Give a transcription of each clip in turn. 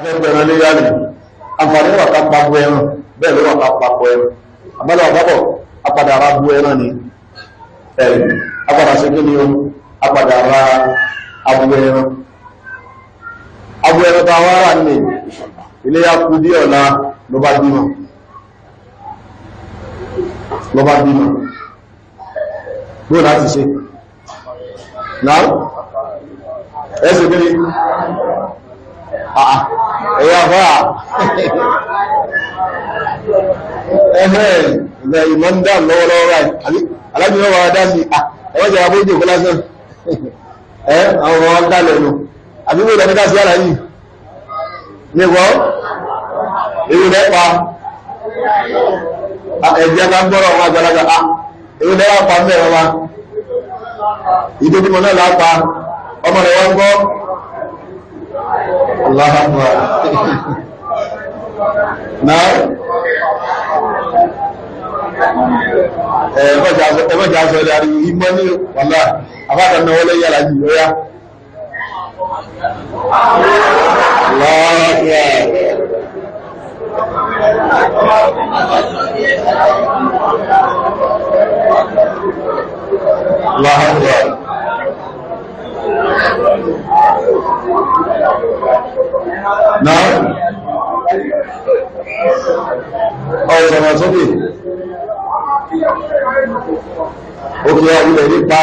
afẹ́gbẹ̀rún léyà ni àǹfààní wà ká pa bu ẹran bẹ́ẹ̀ ló wà ká pa bu ẹran àgbàdo àbábọ̀ apadà ara bu ẹran ni ẹ̀rì apadà sí ni o apadà ara abu ẹran abu ẹran tó àwọn ará ní iléyà kú bí ọ̀la ló bá bímọ ló bá bímọ bó láti ṣe náà ẹ̀sìn kí ni àà ẹ̀yàfà ẹ̀hẹ́n ìgbà ìmọ̀ ń dáàmù lọ́wọ́lọ́wọ́ ráì alájúwọ́ wà dá sí ah, ẹ̀wọ́n jẹ́ abójú òkú lásán ẹ̀ àwọn ọmọ wọn dálẹ̀ nù àbíwò ah, ah, ìdàmídá náà ọmọ rẹ̀ gbọ́ Akbar não náà eh, ẹ̀mọ́jà sọ dárí ìmọ́ ní wàlá àbáta náà wọlé yàrá jù lọ́yá lọ́ọ̀kẹ́ lọ́ọ̀kẹ́ náà ọ̀sọ̀rọ̀ sókè òkè ọ̀wùlẹ̀ nípa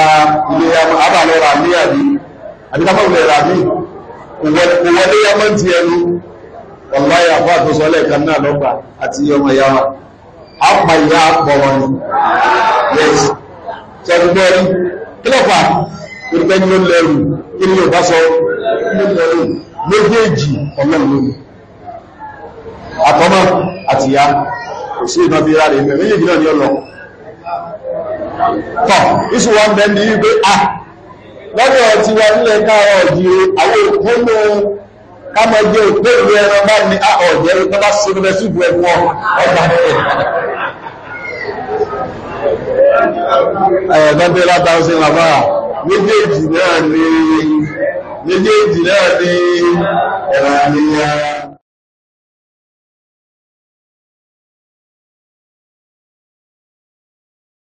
ilé abàlẹ̀ rà ní àbí àbíkápọ̀ ìlẹ̀ rà ní òwọlé ọmọ ti ẹnu ọ̀láyà àpá àtọ́sọ́lẹ̀ kan náà lọ́gbà àti ọmọ ìyá wa àpà ìyá àpọ̀ wọn ni yes ṣẹ́gbẹ́ rí kílọ̀pàá ìrùkẹ́ni ló lẹ́rù kí ni yóò bá sọ ló lẹ́rù méjèèjì ọlọ́run lónìí àtọ́mọ́ àti ìyá kò sí ìbọn bíra rẹ̀ mẹ́rin méjèèjì náà ni ọlọ tọ́ iṣu wa ń bẹ ní wípé a lọ́dọ̀ ti wa nílẹ̀ káàrọ̀ ọ̀dì àwọn òpónú kámọ jẹ́ òpónú ẹran bá ní ọ̀dì ẹran tó bá sínú bẹ sí ìbú ẹgbù ọgbà ẹ̀ ẹ̀ẹ́dọ́gbẹ́lá 1000 làbára méjèèjì náà ni méjèèjì náà ni ẹ̀rọ àníyàn.